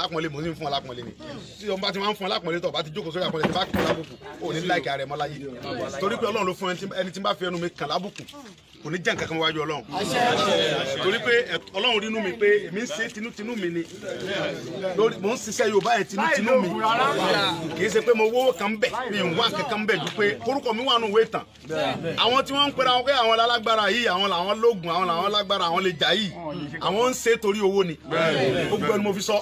lápọ̀nlé mò ń fún ọ lápọ̀nlé ni tí ọmọ bá ti máa ń fún ọ lápọ̀nlé tó ọba ti jókòó sórí àpọ̀nlé tí bá kàn lábùkù ò ní láìka rẹ̀ mọ́ láyé torí pé Ọlọ́run ló fún ẹni tí bá fi ẹnu mi kàn lábùkù kò ní jẹ́ nǹkan wájú ọlọ́run torí pé ọlọ́run rínú mi pé èmi ń ṣe tinútinú mi ni lórí mò ń ṣiṣẹ́ yorùbá yẹn tinútinú mi kì í ṣe pé mo wó kan bẹ̀ mi ń wá kankan bẹ̀ ju pé orúkọ mi wà nù wé tán àwọn tí wọ́n ń pera wọn pé àwọn alágbára yìí àwọn làwọn lóògùn àwọn làwọn alágbára àwọn lè jà yìí àwọn ń ṣe torí owó ni gbogbo ẹni mo fi sọ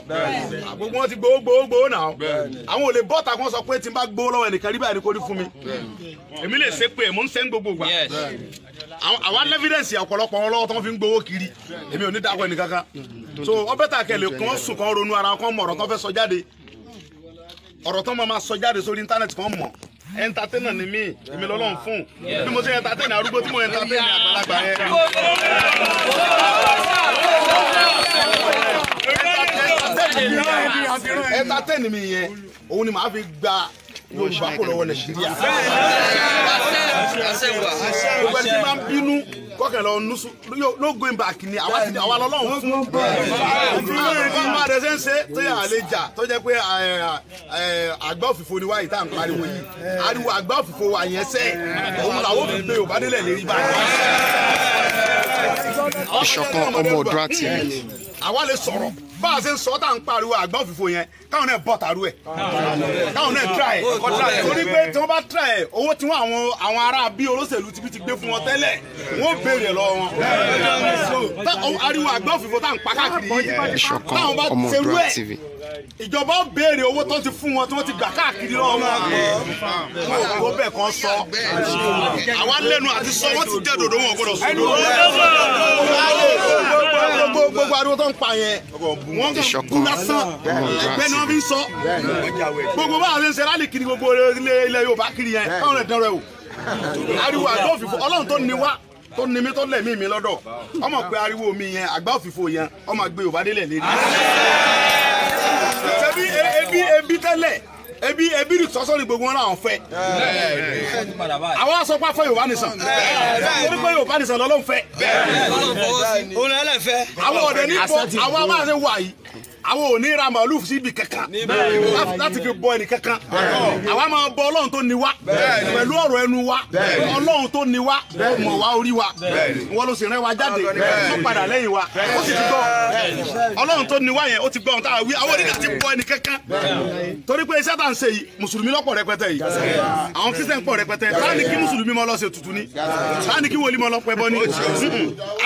gbogbo wọn ti gbowó gbowó gbowó náà àwọn ò lè bọ́ta kí wọ́n sọ pé tí bá gbowó lọ́wọ́ ẹnìkan àwa lẹ́fídẹ́ǹsì ọ̀pọ̀lọpọ̀ wọn lọ́wọ́ tó ń fi ń gbowó kiri èmi ò ní dàgbọ́ ẹnì kankan so ọbẹ̀ tà kẹlẹ̀ kan sùn kan ronú ara kan mọ̀ ọ̀rọ̀ kan fẹ́ sọ jáde ọ̀rọ̀ tó máa sọ jáde sórí íńtánẹ́ẹ̀tì kan mọ̀ ẹntatẹ́nà ni mí èmi lọ́lọ́run fún bí mo ṣe ẹntatẹ́nà arúgbó tí mo ẹntatẹ́nà àgbàlagbà yẹn. ẹntatẹ́nà mi yẹn òun ni màá fi gba yorùbá kò lọ́wọ́ no going back ni àwa ti àwa lọ́lọ́run fún. òfin lórí kí n máa rẹ ṣe ń ṣe tó yà á ni wáyé tá à ń pariwo yìí ariwo àgbá òfìfo wà yẹn sẹ́ òun làwọn òfin gbé yorùbá nílẹ̀ lérí báyìí. ìṣọ̀kan ọmọ ọ̀dọ́ àti. àwa lè sọ̀rọ̀ bá a ṣe ń sọ tá à ń pariwo àgbọn òfìfo yẹn káwọn náà bọ́ tàrú ẹ̀ káwọn náà tíra ẹ̀ torí pé tí wọ́n bá tíra ẹ̀ owó tí wọ́n àwọn àwọn ará bí olóṣèlú ti fi ti gbé fún wọn tẹ́lẹ̀ wọ́n béèrè lọ wọn ariwo àgbọn òfìfo tá à ń pa káàkiri yìí táwọn bá ṣerú ẹ̀ ìjọba ó béèrè owó tó ti fún wọn tí wọ́n ti gbà káàkiri lọ́wọ́ wọn wọn ò gbọ́ bẹ́ẹ̀ kan sọ àwa lẹ́nu àti sọ wọ́n ti jẹ́ dòdò wọn gbọ́dọ̀ sọ. gbogbo ariwo tó ń pa yẹn wọ́n kàn lásán ẹgbẹ́ ni wọ́n fi ń sọ gbogbo bá a ṣe ṣe láti kiri gbogbo ilẹ̀ Yorùbá kiri yẹn báwọn rẹ̀ dán rẹ̀ ariwo àgbà òfìfo ọlọ́run tó ní wá tó ní mi tó lẹ̀mí mi lọ́dọ̀ ọmọ pé ariwo mi yẹn àgbà òfìfo yẹn ọmọ gbé Yorùbá délẹ̀ lérí ebi ebi ebi tẹ́lẹ̀ ebi ebi ni sọsọ ni gbogbo wọn náà fẹ́ àwọn asọpọ afọ Yorùbá nìsan torí pé Yorùbá nìsan lọ́lọ́run fẹ́ òun lẹlẹ fẹ́ àwọn ọdẹ ní bọ àwọn amáṣe wà yìí àwọn ò ní ra màálù síbi kankan láti fi bọ ẹnì kankan àwa máa bọ ọlọ́run tó ní wa pẹ̀lú ọ̀rọ̀ ẹnu wa ọlọ́run tó ní wa mọ̀ wá orí wa wọn ló sì rán wa jáde tó padà lẹ́yìn wa ó sì ti gbọ́ ọlọ́run tó ní wa yẹn ó ti gbọ́ ohun tá a wí àwọn oníkà ti bọ ẹnì kankan torí pé iṣẹ́ tá à ń ṣe yìí mùsùlùmí lọ́pọ̀ rẹpẹtẹ yìí àwọn kristian pọ̀ rẹpẹtẹ táà ní kí mùsùlùmí mọ́ lọ ṣe tutù ni táà kí wòlíì mọ́ lọ pẹ́ bọ́ ni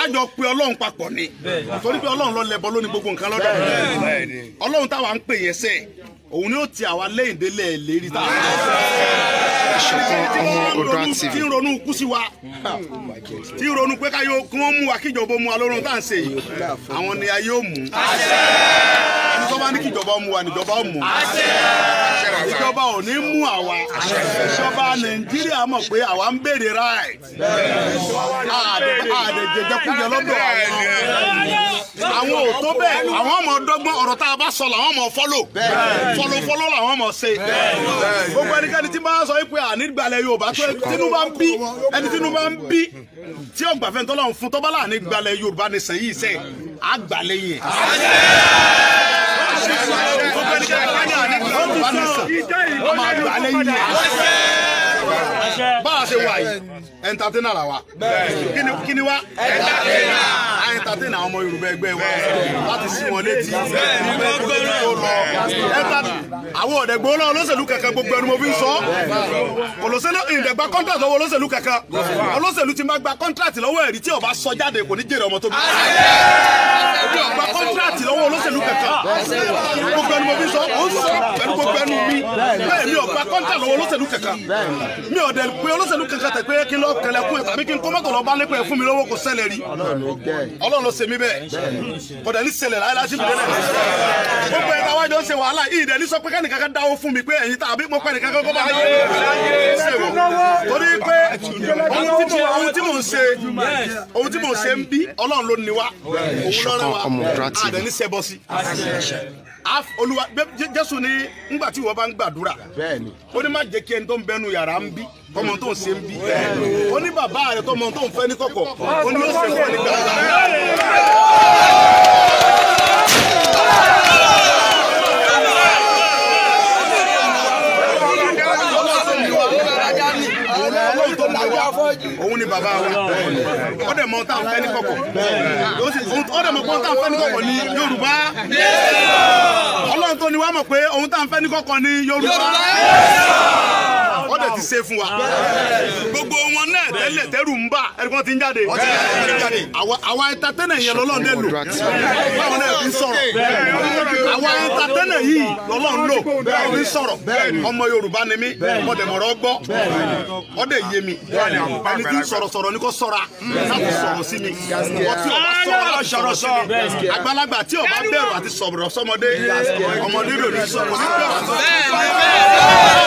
àjọ pé ọlọ́run papọ̀ ni torí pé ọlọ́run ló lẹ́bọ lónìí gbogbo nǹkan lọ́dọ̀ ọlọ́run táwa ń pè yẹn sẹ́ òun ni ó ti àwa lẹ́yìn délẹ̀ lérí táwa. ìṣọ̀kan ọmọ Odua TV. tí ń ronú kú sí wa tí ń ronú pé ká yóò kí wọ́n mú wa kíjọba mu wa lọ́rùn tá à ń ṣe yìí àwọn ni a yóò mú. ẹni tó bá ní kíjọba mu wa níjọba mú. ìjọba ò ní mú àwa ìjọba Nàìjíríà mọ̀ pé àwa ń béèrè right. àdèjẹjẹkújẹ lọ́dọ̀ àwọn àwọn ò tó bẹ́ẹ̀ àwọn ọmọ dọ́gbọ́n ọ̀rọ̀ tá a bá sọ làwọn ọmọ fọ́lò fọ́lò fọ́lò làwọn ọmọ ṣe. gbogbo ẹnikẹ́ni tí máa ń sọ pé ànígbàlẹ̀ Yorùbá tó tinú bá ń bí ẹni tinú bá ń bí tí ọgbàfẹ́ ń tọ́lọ́run fún tọ́bálà ànígbàlẹ̀ Yorùbá ní sẹ́yìn iṣẹ́ àgbàlẹ̀ yẹn. gbogbo ẹnikẹ́ni tí máa ń sọ ìjọ ìgbàlẹ̀ yẹn bá a ṣe wà yìí ẹ̀ńtàtẹ́nà là wa kí ni wá ẹ̀ńtàtẹ́nà a ẹ̀ńtàtẹ́nà ọmọ Yorùbá ẹgbẹ́ wa láti sí wọn létí àwọn ọ̀dẹ̀gbẹ́ olóò olóṣèlú kankan gbogbo ẹnu mo fi ń sọ olóṣèlú ìdẹ̀gbà kọ́ńtà lọ́wọ́ olóṣèlú kankan olóṣèlú ti máa gba kọ́ńtàtì lọ́wọ́ ẹ̀rí tí ó bá sọ jáde kò ní jèrè ọmọ tó bí ọgbà kọ́ńtàtì lọ́wọ́ olóṣèlú kankan gbogbo ẹnu mo fi ń sọ ó ń sọ pẹ̀lú gbogbo ẹnu mi bẹ́ẹ̀ mi ò gba kọ́ńtà lọ́wọ́ olóṣèlú kankan mi ò dẹ̀ pé olóṣèlú kankan tẹ̀ pé kí n lọ kẹlẹ̀ kú yẹn tàbí kí n kọ́mọ́tò lọ bá nípa ẹ̀ fún mi lọ́wọ́ kò ṣẹlẹ̀ rí ọlọ́run ló ṣe mí bẹ́ẹ̀ kò dẹ̀ ní ṣẹlẹ̀ láyé láti bìrẹ̀ lẹ̀ gbogbo ẹ̀ táwọn jọ ń ṣe wàhálà yìí dẹ̀ ní sọ pé kẹ́ni kankan dáwọ́ fún mi pé ẹ̀yin tàbí mo pẹ́ nìkan kọ́kọ́ bá yẹ torí pé ohun tí mò ń ṣe ohun tí mò ń ṣe ń bí ọlọ́run ló ní wa òun lọ́rẹ́ wa àdẹ̀ ní ṣẹbọ sí olúwa jésù ní ngbà tí ìwọ bá ń gbàdúrà ó ní má jẹ́ kí ẹni tó ń bẹnu yàrá ń bí kọ́mọ tó ń ṣe ń bí ó ní bàbá rẹ̀ tọ́mọ tó ń fẹ́ ní kọ̀kọ̀ ó ní ó sì fọ́ ní òun ni bàbá wa ó dẹ̀ mọ tá a fẹ́ ní kọ̀kọ̀ ó dẹ̀ mọ pé tá a fẹ́ ní kọ̀kọ̀ ní Yorùbá ọlọ́run tó ni wá mọ̀ pé ohun tá a fẹ́ ní kọ̀kọ̀ ní Yorùbá ti ṣe fún wa gbogbo wọn náà tẹ́lẹ̀ tẹ́rù ń bà ẹ̀rọ ti ń jáde àwa ẹ̀ńtátẹ́nẹ̀ yẹn lọ́lọ́run dẹ̀ lò báwọn náà fi sọ̀rọ̀ àwa ẹ̀ńtátẹ́nẹ̀ yìí lọ́lọ́run lò báwọn fi sọ̀rọ̀ ọmọ Yorùbá ni mí mọ̀dẹ̀mọ̀rọ̀ gbọ́ ọ̀dẹ̀ yé mi ẹni tí ń sọ̀rọ̀ sọ̀rọ̀ ni kò sọ̀ra láti sọ̀rọ̀ sí mi ọtí ọba sọ̀rọ̀ sọ̀rọ̀ sọ àgbàlagbà tí ọba bẹ̀rù àti sọ̀rọ̀ sọmọdé ọmọdé lòdì sọ̀rọ̀ sí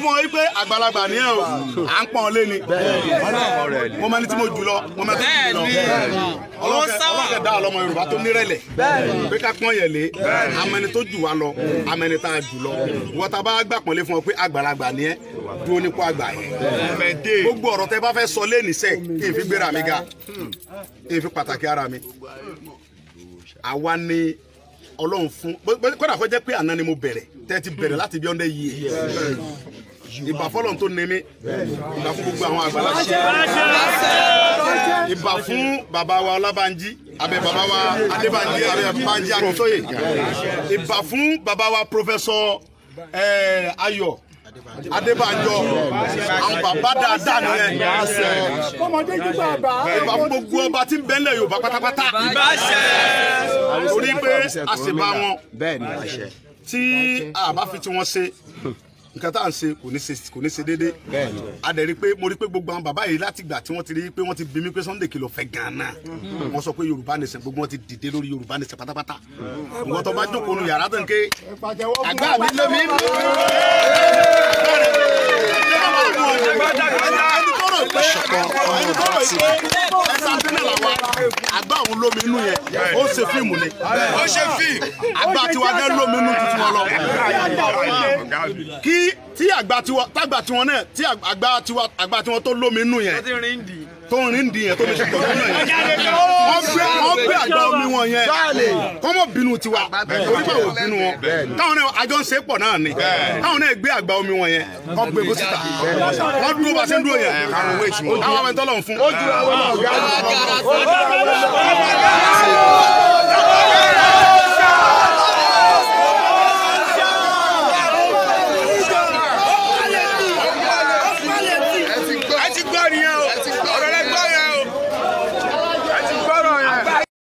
fún ọ wípé àgbàlagbà ni ẹ o à ń pọn ọ lé ni mo máa ní tí mo jù lọ mo máa tí mo jù lọ ọlọ́kẹ́ ọlọ́kẹ́ dá ọlọ́mọ Yorùbá tó nírẹ̀lẹ̀ pé ká pọ́n yẹ̀lé amẹni tó jù wá lọ amẹni tá a jù lọ wọ́tá bá gbà pọ́nlé fún ọ pé àgbàlagbà ni ẹ dúró nípò àgbà yẹn gbogbo ọ̀rọ̀ tẹ bá fẹ́ sọ lé nìṣẹ́ kí n fi gbéra mi ga kí n fi pàtàkì ara mi àwa ni ọlọ́run fún kódà kó jẹ́ pé àná ni mo bẹ̀rẹ̀ tẹ́ ti bẹ̀rẹ̀ láti bí ọ́ndẹ́ yìí ìbà fọlọ́n tó nemi ìbà fún gbogbo àwọn àgbàlagbà ìbà fún bàbá wa ọlábànjí abẹ baba wa adébànjí abẹ bànjí akíntóye ìbà fún bàbá wa pòfẹsọ Ayọ. adébànjọ àwọn bàbá dáadáa nìyẹn kọmọdé ìbà fún gbogbo ọba tí ń bẹ́ńlẹ̀ yorùbá pátápátá ìbà ṣẹ orí pé àṣìbá wọn tí a bá fi tiwọn ṣe nǹkan tá à ń ṣe kò ní ṣe kò ní ṣe déédéé a dẹ̀ rí pé mo rí pé gbogbo àwọn bàbá yìí láti gbà tí wọ́n ti rí i pé wọ́n ti bí mi pé Sunday kìlọ̀ fẹ́ gan-an hmm. wọ́n sọ pé Yorùbá nìṣẹ́ gbogbo wọn ti dìde lórí Yorùbá nìṣẹ́ pátápátá hmm. ìwọ́n tó bá jókòó nu yàrá tó ń ké àgbà mi lé mi. ẹni rò pé ẹni tó òun lómi inú yẹn ó ṣe fíìmù ni ó ṣe fíìmù àgbà tiwa gẹ́ lómi inú tuntun wọn lọ kí tí àgbà tiwa tágbà tiwọn náà tí àgbà tiwa àgbà tiwọn tó lómi inú yẹn tó ń rìn dì yẹn tó ń ṣe tọ́jú náà yẹn wọ́n gbé àgbà àwọn yẹn kọ́ mọ̀ bínú tiwa onígbà ò bínú wọn táwọn náà àjọ ń ṣe pọ̀ náà ni táwọn náà gbé àgbà omi wọn yẹn kọ́ gbé bó síta wọ́n dúró bá ṣe ń dúró yẹn àwọn ọmọ ìtọ́lọ̀ ń fún. ó jura wọn ọ̀gá àgbà